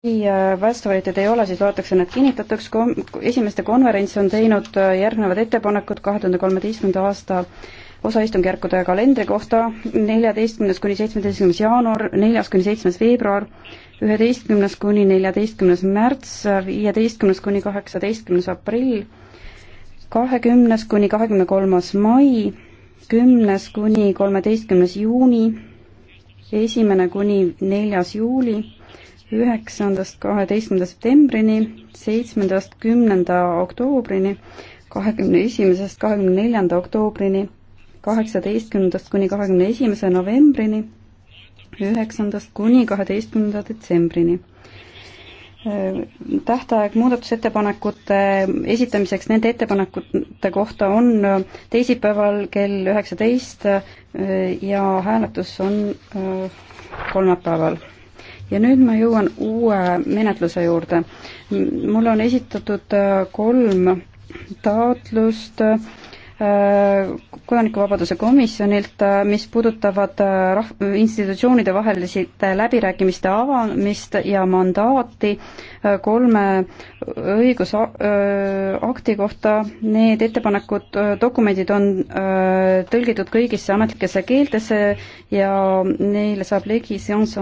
kui äh, vastuväiteid ei ole, siis loetakse need kinnitatuks, esimeste konverents on teinud äh, järgnevad ettepanekud kahe tuhande kolmeteistkümnenda aasta osaistungjärkude kalendri kohta, neljateistkümnes kuni seitsmeteistkümnes jaanuar, neljas kuni seitsmes veebruar, üheteistkümnes kuni neljateistkümnes märts, viieteistkümnes kuni kaheksateistkümnes aprill, kahekümnes kuni kahekümne kolmas mai, kümnes kuni kolmeteistkümnes juuni, esimene kuni neljas juuli, üheksandast kaheteistkümnenda septembrini, seitsmendast kümnenda oktoobrini, kahekümne esimesest kahekümne neljanda oktoobrini, kaheksateistkümnendast kuni kahekümne esimese novembrini, üheksandast kuni kaheteistkümnenda detsembrini äh, tähtaeg muudatusettepanekute esitamiseks nende ettepanekute kohta on äh, teisipäeval kell üheksateist äh, ja hääletus on kolmapäeval ja nüüd ma jõuan uue menetluse juurde. mul on esitatud äh, kolm taotlust äh, kodanikuvabaduse komisjonilt, äh, mis puudutavad rah-, institutsioonide vaheliste läbirääkimiste avamist ja mandaati kolme õigusakti kohta. Need ettepanekud, dokumendid on tõlgitud kõigisse ametlikesse keeltesse ja neile saab ligi seanss on